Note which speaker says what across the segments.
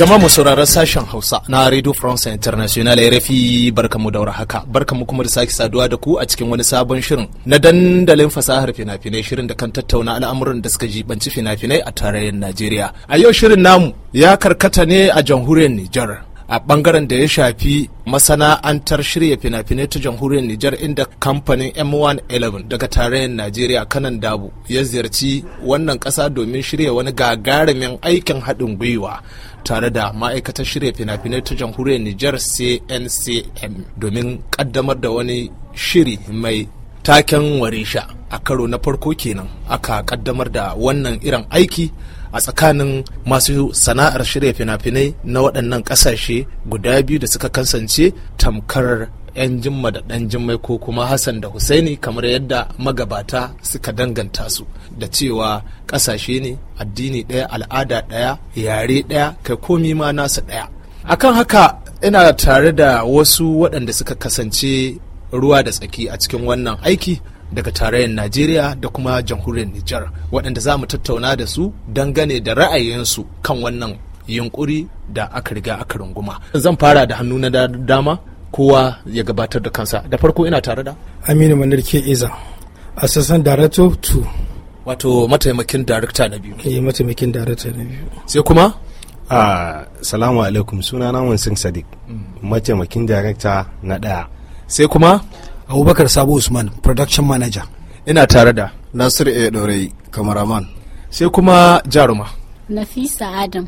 Speaker 1: jama'a sauraron sashen hausa na radio france international rfi barkamu daura haka barkamu kuma da sake saduwa da ku a cikin wani sabon shirin na dandalin fasahar fina-finai shirin da kan tattauna al'amuran da suka jibanci fina-finai a tarayyar najeriya a yau shirin namu ya karkata ne a jamhuriyar nijar a bangaren da ya shafi masana'antar shirya fina-finai ta jamhuriyar Nijar inda kamfanin M111 daga tarayyar Najeriya kanan dabu ya ziyarci wannan kasa domin shirya wani gagarumin aikin haɗin gwiwa tare da ma'aikatar shirya fina-finai ta jamhuriyar Nijar CNCM domin kaddamar da wani shiri mai taken warisha a karo na farko kenan aka kaddamar da wannan irin aiki a tsakanin masu sana'ar shirya fina-finai na waɗannan ƙasashe guda biyu da suka kasance tamkar 'yan jimma da ɗan jimmai ko kuma hassan da husaini kamar yadda magabata suka danganta su da cewa ƙasashe ne addini ɗaya al'ada ɗaya yare ɗaya kai komi ma nasa ɗaya akan haka ina tare da wasu waɗanda suka kasance ruwa da tsaki a cikin wannan aiki daga tarayyar najeriya da kuma jamhuriyar nijar waɗanda za mu tattauna da su dangane da ra'ayinsu kan wannan yunkuri da aka riga aka runguma zan fara da hannu na dama kowa ya gabatar da kansa da farko ina tare da
Speaker 2: aminu ke iza assistant director 2
Speaker 1: wato mataimakin darakta na biyu eh
Speaker 2: mataimakin darakta na biyu
Speaker 3: sai kuma ah salamu alaikum suna na wansin sadiq hmm. mataimakin darakta na daya sai kuma abubakar sabo usman
Speaker 4: production manager
Speaker 5: ina tare da nasir e dorai kamaraman
Speaker 1: sai kuma jaruma
Speaker 6: nafisa adam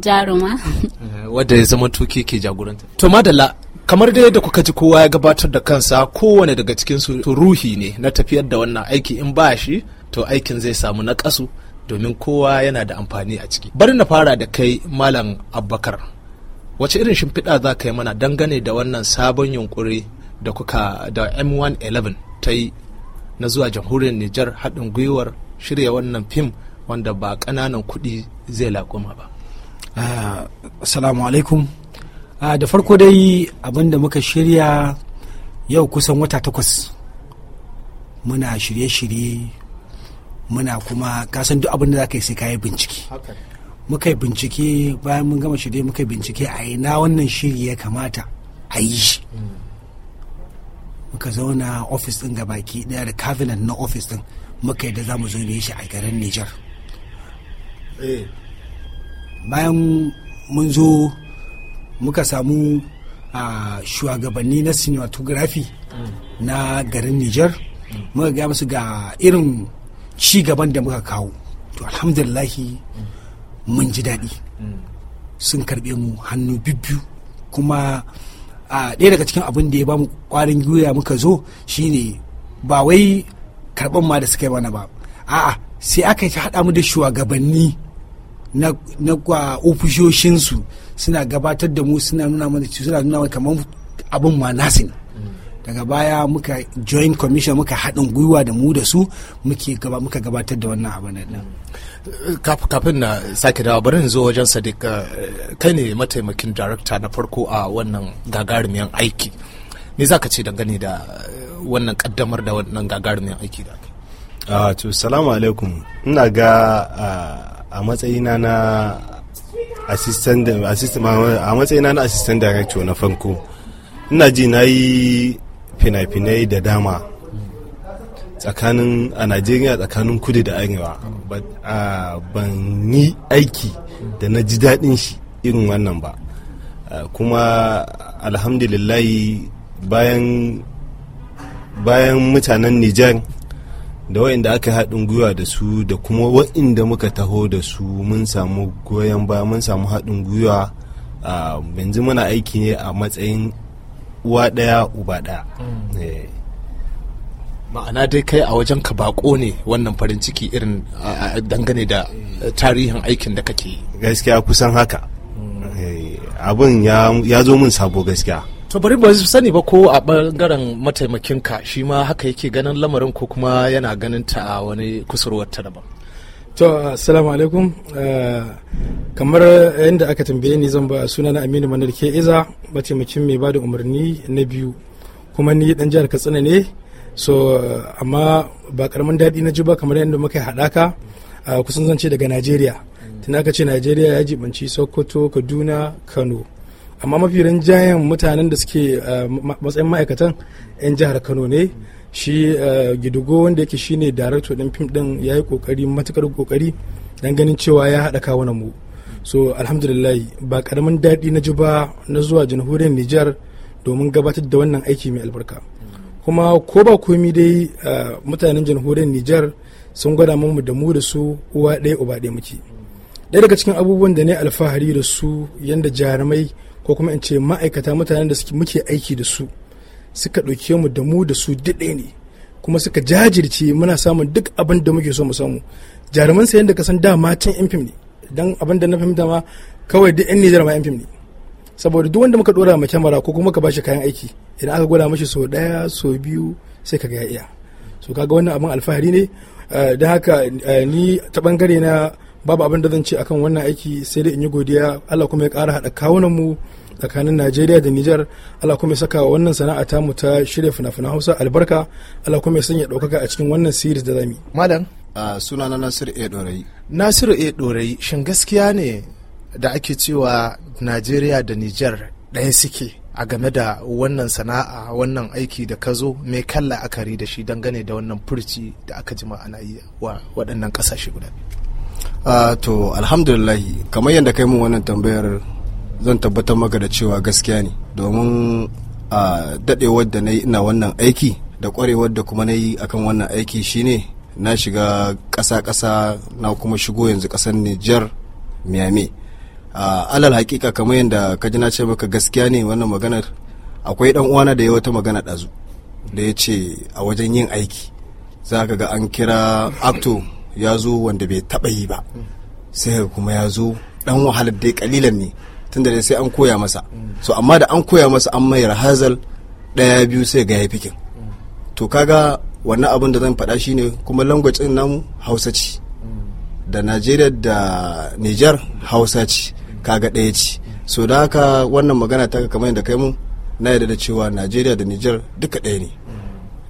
Speaker 6: jaruma
Speaker 1: eh, wadda ya zama tuki ke jagoranta to madalla kamar dai da kuka ji kowa ya gabatar da kansa kowane daga cikin su ruhi ne na tafiyar da wannan aiki in ba shi to aikin zai samu na kasu domin kowa yana da amfani a ciki bari na fara da kai malam abbakar wace irin shimfiɗa za ka yi mana dangane da wannan sabon yunkuri da kuka da m111 ta yi na zuwa jamhuriyar nijar haɗin gwiwar shirya wannan fim wanda ba ƙananan
Speaker 4: kuɗi zai laƙuma ba assalamu ah, alaikum Ah, da farko dai abinda muka shirya yau kusan wata takwas muna shirye-shirye muna kuma kasan duk abinda za ka yi sai ka yi bincike muka yi bincike bayan mun gama shirye muka yi bincike a na wannan shiri ya kamata a yi shi muka zauna ofis din baki daya da cabinet na ofis din muka da za mu zo ne shi a garin Nijar. Eh. bayan mun zo muka samu a shugabanni na cinematography na garin Nijar muka gaya musu ga irin ci gaban da muka kawo to alhamdulillahi mun ji daɗi sun karɓe mu hannu bibbiyu kuma a ɗaya daga cikin abin da ya ba mu ƙwarin gwiwa muka zo shine ba wai karɓan ma da suka yi mana ba a'a sai aka yi haɗa mu da shugabanni na ofishoshinsu suna gabatar da mu suna nuna mana suna nuna mana kamar abin ma nasin ne daga baya muka joint commission muka haɗin gwiwa da mu da su muke gaba muka gabatar da wannan abin nan
Speaker 1: kafin na sake dawa bari zo wajen sadiq eh, kai ne mataimakin director na farko a wannan gagarumin aiki me zaka ce dangane da eh, wannan kaddamar da
Speaker 3: wannan gagarumin aiki da ah, to salamu alaikum ina ga ah, a matsayina na a matsayina na assistant director na farko ina ji na yi fina-finai da dama tsakanin a najeriya tsakanin kudu da arewa ban yi aiki da na ji daɗin shi irin wannan ba kuma alhamdulillahi bayan bayan mutanen nijar da wa'inda aka haɗin gwiwa da su da kuma wa'inda muka taho da su mun samu goyon baya mun samu haɗin gwiwa yanzu muna aiki ne a matsayin uwa ɗaya uba ɗaya mm. eh.
Speaker 1: ma'ana dai kai a wajen ka bako ne wannan farin ciki irin dangane da
Speaker 3: tarihin aikin da kake gaskiya kusan haka mm. eh, abin ya zo mun sabo gaskiya
Speaker 1: to bari ba su sani ba ko a bangaren mataimakin ka shi ma haka yake ganin lamarin ko kuma yana ganin ta a wani kusurwar ta daban
Speaker 2: to assalamu alaikum eh, kamar yadda aka tambaye ni zan ba suna na aminu manar ke iza mataimakin mai bada umarni na biyu kuma ni dan jihar katsina ne so amma ba karamin daɗi na ji ba kamar yadda muka yi haɗaka kusan zance daga najeriya tun aka ce najeriya ya jibanci sokoto kaduna kano amma mafi rinjayen mutanen da suke eh, matsayin ma'aikatan 'yan jihar kano ne shi eh, gidugo wanda yake shine darakto din fim din ya yi kokari matukar kokari dan ganin cewa ya haɗa kawunan mu so alhamdulillah ba karamin daɗi na ji ba na zuwa jamhuriyar nijar domin gabatar da wannan aiki mai albarka kuma ko ba komi dai eh, mutanen jamhuriyar Nijar sun gwada mu da mu da su uwa ɗaya uba ɗaya muke ɗaya daga cikin abubuwan da ne alfahari da su yanda jarumai ko kuma in ce ma'aikata mutanen da suke muke aiki da su suka ɗauke mu da mu da su daɗe ne kuma suka jajirce muna samun duk abin da muke so mu samu jaruman sayan da kasan dama can yan fim ne don abin da na fahimta ma kawai duk yan nijar ma yan fim ne saboda duk wanda muka dora ma kyamara ko kuma ka bashi kayan aiki idan aka gwada mashi sau ɗaya sau biyu sai ka ga ya iya so kaga wannan abin alfahari ne eh, don haka eh, ni ta bangare na babu abin da zan ce akan wannan aiki sai dai in yi godiya Allah kuma ya ƙara haɗa kawunan mu tsakanin Najeriya da Nijar Allah kuma ya saka wannan sana'a ta mu ta shirya fina-finan Hausa albarka Allah kuma ya sanya ɗaukaka a cikin wannan series da zami. Malam
Speaker 5: na Nasir A Dorayi. Nasir A
Speaker 1: Dorayi shin gaskiya ne da ake cewa Najeriya da Nijar ɗaya suke a game da wannan sana'a wannan aiki da ka zo mai kalla akari da shi dangane da wannan furci da aka jima ana yi wa waɗannan ƙasashe guda biyu.
Speaker 5: Ah, to alhamdulillahi kamar yadda kai mun wannan tambayar zan tabbatar maka da cewa gaskiya ne domin a dadewar da na yi ina wannan aiki da kwarewar da kuma na yi akan wannan aiki shine na shiga ƙasa-ƙasa na kuma shigo yanzu ƙasar Nijar Miami. a alal hakika kamar yadda ka ji na ce maka gaskiya ne wannan maganar akwai dan uwana da ya wata magana ɗazu da ya ce a wajen yin aiki za ka ga an kira acto ya zo wanda bai taɓa yi ba sai kuma ya zo ɗan wahalar dai kalilan ne tunda da sai an koya masa so amma da an koya masa an mai rahazal ɗaya biyu sai ga ya fikin to kaga wannan abin da zan faɗa shine kuma langwacin namu hausa ce da najeriya da niger hausa ce kaga ɗaya ce so da haka wannan magana ta kamar yadda kai mu na yadda da cewa najeriya da niger duka ɗaya ne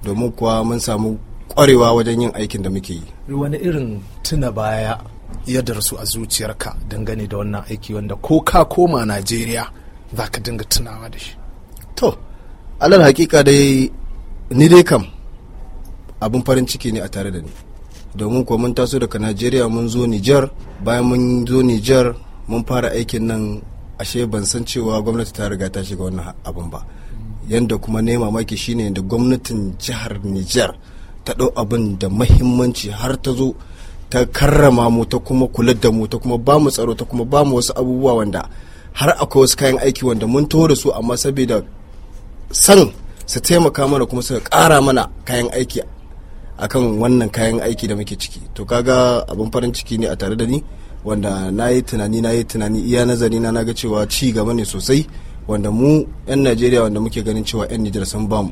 Speaker 5: domin kuwa mun samu kwarewa wajen yin aikin da muke yi
Speaker 1: wani irin tuna baya ya darsu a zuciyarka dangane da wannan aiki wanda ko ka koma najeriya za ka dinga tunawa
Speaker 5: da shi to alal hakika dai ni dai kam abin farin ciki ne a tare da ni domin kuwa mun taso daga najeriya mun zo nijar bayan mun zo nijar mun fara aikin nan ashe ban san cewa gwamnati ta riga ta shiga wannan abin ba yanda kuma ne mamaki shine da gwamnatin jihar nijar ta ɗau abin da mahimmanci har ta zo ta karrama mu ta kuma kula da mu ta kuma ba mu tsaro ta kuma ba mu wasu abubuwa wanda har akwai wasu kayan aiki wanda mun taho da su amma saboda san su taimaka mana kuma suka kara mana kayan aiki akan wannan kayan aiki da muke ciki to kaga abin farin ciki ne a tare da ni wanda na yi tunani na yi tunani iya nazari na naga cewa ci gaba ne sosai wanda mu 'yan najeriya wanda muke ganin cewa 'yan nijar sun bamu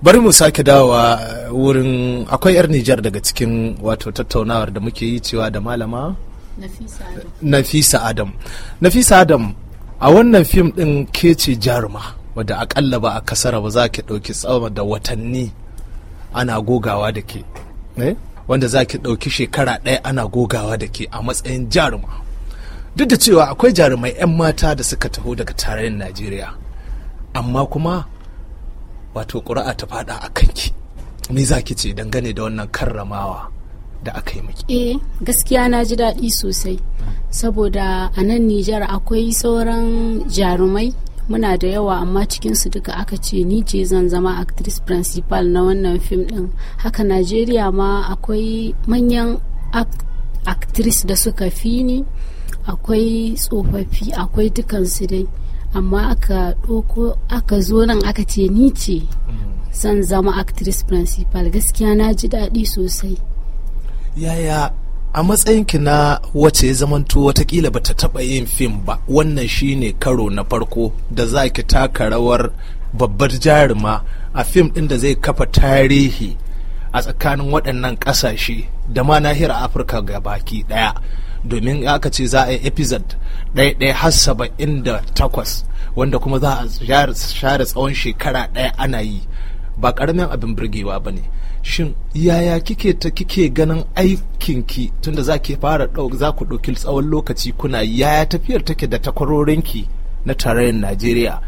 Speaker 1: bari mu sake dawa eh, wurin akwai 'yar Nijar daga cikin wato tattaunawar da muke yi cewa da malama Nafisa Adam. Nafisa Adam, a wannan fim ɗin ke ce jaruma wadda akalla ba a kasara ba za ki ɗauki tsawon da watanni ana gogawa da ke wanda za ki ɗauki shekara ɗaya ana gogawa da ke a matsayin jaruma duk da cewa akwai jarumai 'yan mata da suka taho daga tarayyar najeriya amma kuma wato ƙura'a ta faɗa a kanki me za ki ce dangane da wannan karramawa da aka yi maki
Speaker 6: eh gaskiya na ji daɗi sosai saboda a nan nijar akwai sauran jarumai muna da yawa amma cikinsu duka aka ce ni ce zan zama actress principal na wannan fim ɗin, haka najeriya ma akwai manyan actress da suka fi ni akwai tsofaffi akwai dukansu dai amma aka ɗoko aka zo nan aka ce ni ce mm. zan zama actress principal gaskiya na ji daɗi sosai
Speaker 1: yaya a matsayin ki na wace ya zamanto watakila bata taba yin fim ba wannan shine karo na farko da za ki taka rawar babbar jaruma a fim ɗin da zai kafa tarihi a tsakanin waɗannan ƙasashe da ma nahiyar afirka ga baki ɗaya domin aka ce za a yi episode ɗaya ɗaya har saba'in da takwas wanda kuma za a share tsawon shekara ɗaya ana yi ba ƙaramin abin birgewa ba ne shin yaya kike ta kike ganin aikinki tunda za ke fara za ku ɗauki tsawon lokaci kuna yaya tafiyar take da takwarorinki na tarayyar najeriya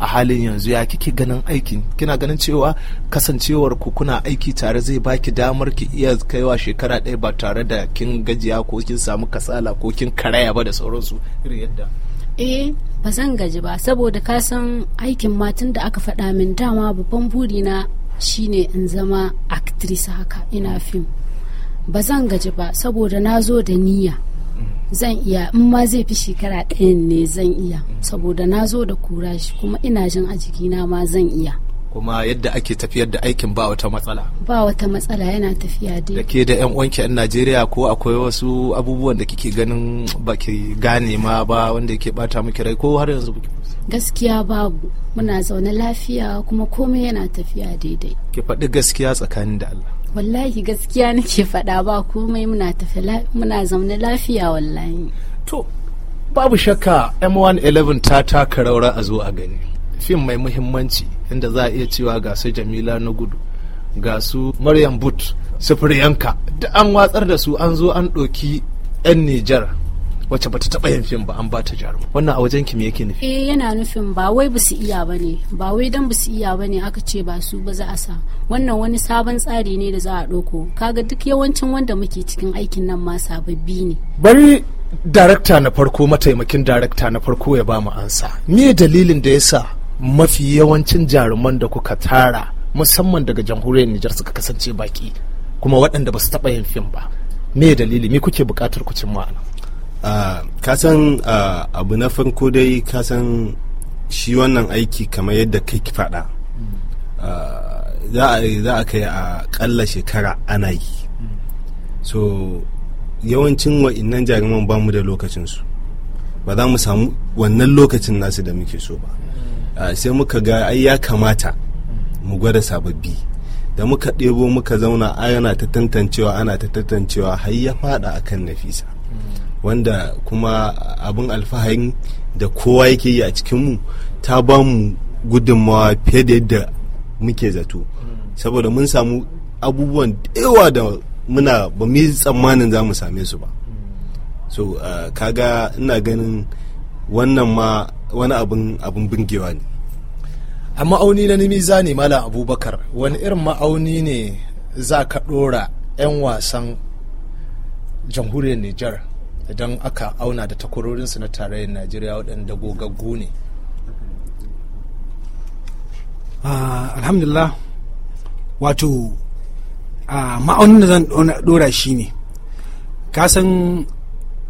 Speaker 1: a halin yanzu ya kike ganin aikin kina ganin cewa kasancewar ku kuna aiki tare zai baki damar ki iya kaiwa shekara ɗaya ba tare da kin gajiya ko kin samu kasala ko kin karaya ba da sauransu irin yadda
Speaker 6: eh ba zan gaji ba saboda ka san aikin matan da aka faɗa min dama babban buri na shine in zama actress haka ina fim ba zan gaji ba saboda na zo da niyya zan iya in ma zai fi shekara ɗayan ne zan iya saboda na zo da kura shi kuma ina jin a jikina ma zan iya
Speaker 1: kuma yadda ake tafiyar da aikin ba wata matsala
Speaker 6: ba wata matsala yana tafiya dai da
Speaker 1: ke da yan uwanki yan najeriya ko akwai wasu abubuwan da kike ganin ba ke gane ma ba wanda yake bata miki rai ko har yanzu
Speaker 6: gaskiya babu muna zaune lafiya kuma komai yana tafiya daidai
Speaker 1: ki faɗi gaskiya tsakanin da Allah
Speaker 6: wallahi gaskiya nake faɗa ba komai muna tafi muna zaune lafiya wallahi to
Speaker 1: babu shakka M111 ta taka raura a zo a gani fim mai muhimmanci inda za a iya cewa ga su Jamila na gudu ga su Maryam But yanka da an watsar da su an zo an ɗoki 'yan Nijar wacce bata taba yin fim ba an ba ta jarum wannan a wajen ki me yake nufi
Speaker 6: eh yana nufin ba wai ba su iya bane ba wai dan ba su iya bane aka ce ba su ba za a sa wannan wani sabon tsari ne da za a ɗauko kaga duk yawancin wanda muke cikin aikin nan ma sababbi ne
Speaker 1: bari darakta na farko mataimakin darakta na farko ya ba mu ansa me dalilin da yasa mafi yawancin jaruman da kuka tara musamman daga jamhuriyar Nijar suka kasance baki kuma
Speaker 3: waɗanda ba su taɓa yin fim ba me dalili me kuke buƙatar ku ma'ana Ah, kasan ah, abu na farko dai kasan shi wannan aiki kamar yadda kai faɗa ah, za a kai a ƙalla shekara ana yi so yawancin wa'innan jaruman ba mu da lokacinsu ba za mu samu wannan lokacin nasu da muke so ba sai muka ga ai ya kamata mu gwada sababbi da muka ɗebo muka zauna ana ta tantancewa ana ta tantancewa har ya faɗa akan nafisa wanda kuma abin alfaharin da kowa yake yi a cikinmu ta ba mu gudunmawa fiye da yadda muke zato saboda mun samu abubuwan yawa da muna ba mu yi tsammanin za mu same su ba so uh, kaga ina ganin wannan ma wani abin abin bingewa ne a
Speaker 1: ma'auni na nimiza ne malam abubakar wani irin ma'auni ne za ka ɗora 'yan wasan jamhuriyar nijar idan aka auna da takwarorinsu na tarayyar najeriya waɗanda gogaggu ne
Speaker 4: ah, alhamdulillah wato ah, ma'aunin da zan ɗora shi ne kasan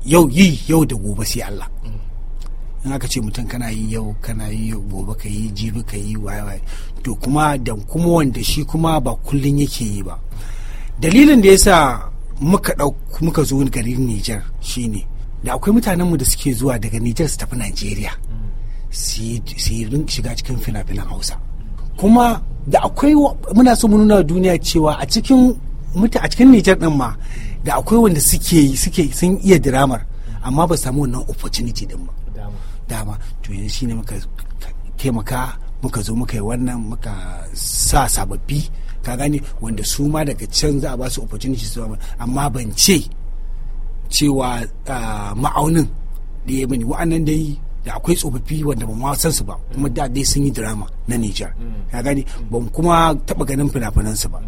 Speaker 4: yau yi yau da gobe sai Allah in aka ce mutum kana yi yau kana yi yau gobe ka yi jibi ka yi waye to kuma da kuma wanda shi kuma ba kullum yake yi ba dalilin da yasa muka muka zo garin Nijar shine da akwai mutanenmu da suke zuwa daga Nijar su tafi Najeriya su yi shiga cikin fina-finan Hausa kuma da akwai muna so mu nuna duniya cewa a cikin muta a cikin Nijar ɗin ma da akwai wanda suke suke sun iya diramar amma ba samu wannan opportunity din ba dama to yanzu shine muka taimaka muka zo muka yi wannan muka sa sababbi ka gane wanda su ma daga can za a ba su opportunity su amma ban ce cewa ah, ma'aunin da ya bane wa'annan dai da akwai tsofaffi wanda ban san su ba kuma da dai sun yi drama na Nijar mm. ka gani mm. ban kuma taba ganin fina-finan su ba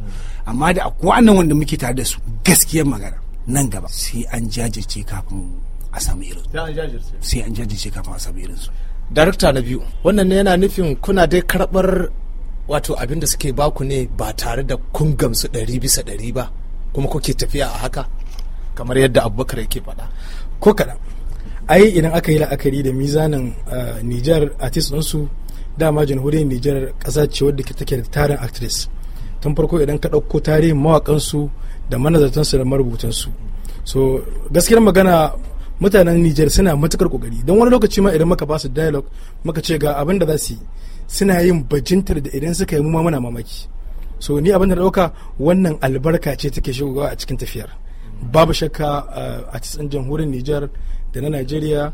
Speaker 4: amma da akwai wannan wanda muke tare da su gaskiyar magana nan gaba sai an jajirce kafin a samu irin sai an jajirce kafin a samu irin su darakta na biyu wannan yana nufin kuna dai karbar
Speaker 1: wato abin da suke baku ne ba tare da kun gamsu ɗari bisa ɗari ba kuma kuke tafiya a haka kamar yadda abubakar yake faɗa
Speaker 2: ko kaɗan ai idan aka yi la'akari da mizanin eh, nijar artist ɗinsu dama jamhuriyar nijar ƙasa ce wadda take da tarin actress tun farko idan ka ɗauko tarihin mawaƙansu da manazartansu da marubutansu so gaskiyar magana mutanen nijar suna matukar kokari don wani lokaci ma idan maka ba su dialogue maka ce ga abin da za su yi suna yin bajintar da idan suka yi mu muna mamaki so ni abin da dauka wannan albarka ce take shigowa a cikin tafiyar babu shakka uh, a cikin jamhuriyar Nijar da na Najeriya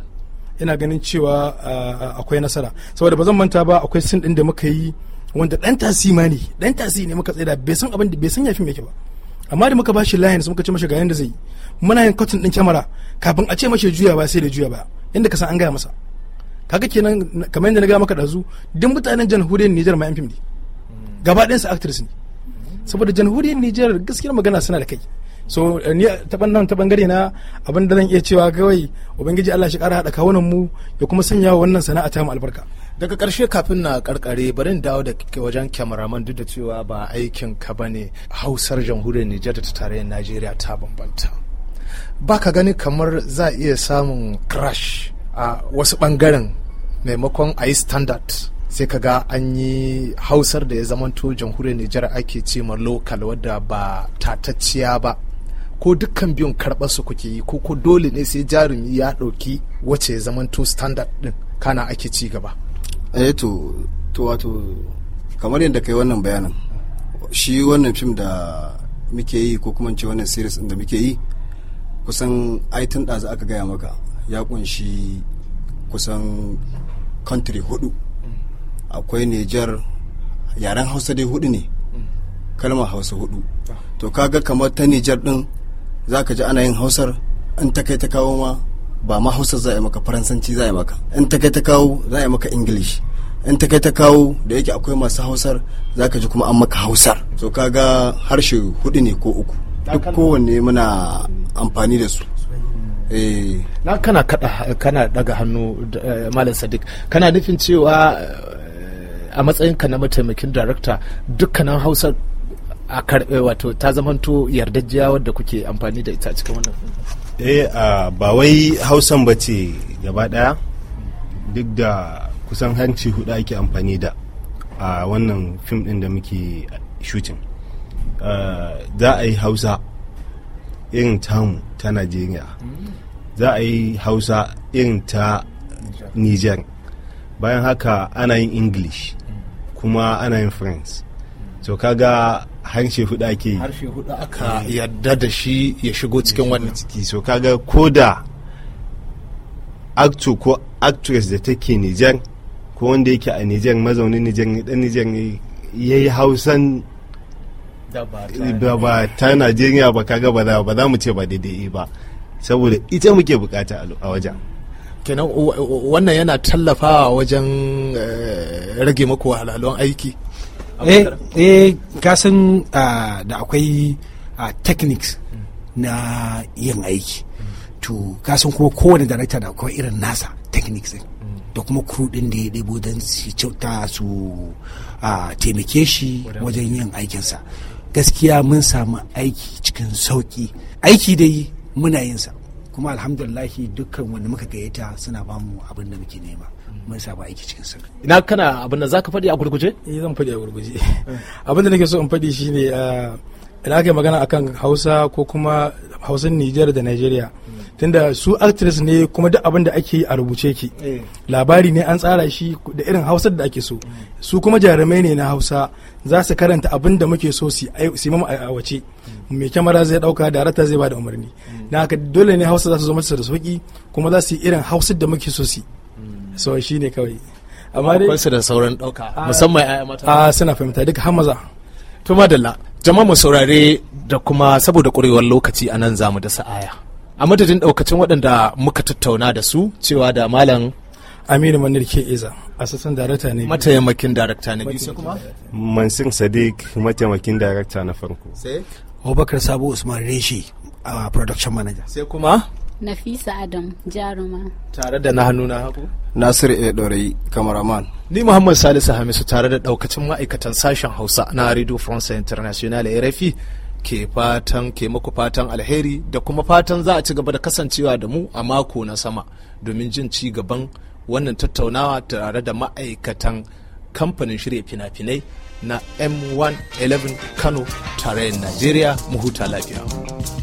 Speaker 2: ina ganin cewa uh, uh, akwai nasara saboda ba zan manta ba akwai sin din da muka yi wanda dan tasima ne dan tasi ne muka tsaya bai san abin da bai san yafi yake ba amma da muka bashi line muka ce masa ga yanda zai muna yin cotton din kyamara kafin a ce masa juya ba sai da juya ba inda ka san an gaya masa kaga kenan kamar yadda na gaya maka ɗazu duk mutanen jamhuriyar Nijar ma yan fim ne gaba ɗayan su actors ne saboda jamhuriyar Nijar gaskiyar magana suna da kai so eh, ni ta bannan ta bangare na abin da zan iya cewa kawai ubangiji Allah shi kara hada kawunan mu ya kuma sanya wa wannan sana'a ta mu albarka
Speaker 1: daga karshe kafin na karkare barin dawo da wajen kyamaraman duk da cewa ba aikin ka bane hausar jamhuriyar Nijar da ta tarayyar Najeriya ta bambanta ba ka gani kamar za iya samun crash a wasu ɓangaren maimakon a yi standard sai ka ga an yi hausar da ya zamanto jamhuriyar nijar ake ce ma lokal wadda ba tatacciya ba ko dukkan biyun karɓar su kuke yi ko ko dole ne sai jarumi ya ɗauki wacce ya zamanto standard ɗin kana ake ci gaba
Speaker 5: eh to to wato kamar yadda kai wannan bayanin shi wannan fim da muke yi ko kuma ce wannan series da muke yi kusan aitin ɗazu aka gaya maka ya kunshi kusan country hudu akwai niger yaren hausa dai hudu ne kalmar hausa hudu to kaga kamar ta niger din za ka ji ana yin hausar in ta kai ta kawo ma ba ma hausar za a yi maka faransanci za a yi maka in ta kai ta kawo za a yi maka english in ta kai ta kawo da yake akwai masu hausar za ka ji kuma an maka hausar to kaga harshe hudu ne ko uku duk kowanne muna amfani da su Eh. na kana kada
Speaker 1: kana daga hannu eh, malam sadiq kana nufin cewa eh, a matsayin ka na mataimakin darakta dukkanin hausa a karbe wato ta zamanto yardajjiya wadda kuke amfani da ita cikin wannan
Speaker 3: eh ba wai hausan ba ce gaba daya duk da kusan hanci hudu ake amfani da a wannan fim din da muke shooting za a yi hausa irin tamu ta najeriya za a yi hausa irin ta niger bayan haka ana yin english kuma ana yin french to kaga harshe hudu ake yi harshe hudu aka yarda da shi ya shigo cikin wannan ciki so kaga ko da actor ko actress da take niger ko wanda yake a niger mazaunin niger ne dan niger ne ya hausan da ba ta najeriya ba kaga ba za ba za mu ce ba daidai ba saboda ita muke bukata a wajen kenan wannan yana tallafawa wajen eh, rage maku halalun
Speaker 4: aiki eh kasan eh, ah, da akwai ah, techniques na yin aiki to kasan kuma kowane director da akwai irin nasa techniques da kuma crew din da ya ɗebo don su kyauta su ah, taimake shi wajen yin aikinsa gaskiya mun samu aiki cikin sauki aiki dai muna yin sa kuma alhamdulillahi dukkan wanda muka gayyata suna ba mu abin da muke nema mun samu aiki cikin sauki
Speaker 2: ina kana abin da zaka faɗi a gurguje eh zan faɗi a gurguje abin da nake so in faɗi shine eh, idan aka yi magana akan Hausa ko kuma Hausan Nijar da Nigeria. tunda su actress ne kuma duk abin da ake yi a rubuce ki eh. labari ne an tsara shi da irin hausar da ake so mm. su kuma jarumai ne na hausa za su karanta abin da muke so su yi mamu a wace mai mm. kyamara zai dauka rata zai ba da umarni mm. na haka dole ne hausa za su zo mata da sauki kuma za su yi irin hausar da muke so su so shi ne kawai amma dai su
Speaker 1: da sauran dauka ah. musamman a mata a
Speaker 2: ah, suna fahimta duka maza to madalla jama'a mu saurare da kuma saboda
Speaker 1: kurewar lokaci anan zamu da sa'aya a madadin daukacin waɗanda muka tattauna da su
Speaker 2: cewa da malam aminu manir ke iza assistant darakta ne mataimakin darakta ne biyu
Speaker 6: kuma
Speaker 3: mansin sadiq mataimakin darakta na farko
Speaker 4: sai Obakar sabo usman reshi a production manager sai kuma
Speaker 6: Nafisa Adam Jaruma. Tare
Speaker 1: da na hannu na haku?
Speaker 5: Nasir E. Dorayi, kamaraman.
Speaker 1: Ni Muhammad Salisu Hamisu tare da daukacin ma'aikatan sashen Hausa na Radio France International RFI ke fatan ke muku fatan alheri da kuma fatan za a ci gaba da kasancewa da mu a mako na sama domin jin ci gaban wannan tattaunawa tare da ma'aikatan kamfanin shirya fina-finai na m111 kano da najeriya mu huta
Speaker 6: lafiya